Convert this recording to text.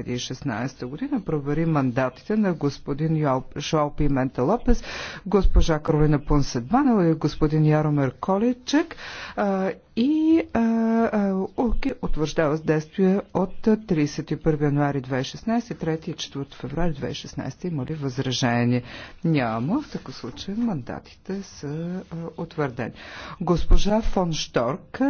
2016 година провери мандатите на господин Шоал Пимента Лопес, госпожа Каролина Понседбанел и господин Яромер Количек а, и а, утвърждава с действие от 31 януари 2016, 3 и 4 февраля 2016. Има ли възражение? Няма. В такъв случай мандатите са а, утвърдени. Госпожа фон Шторк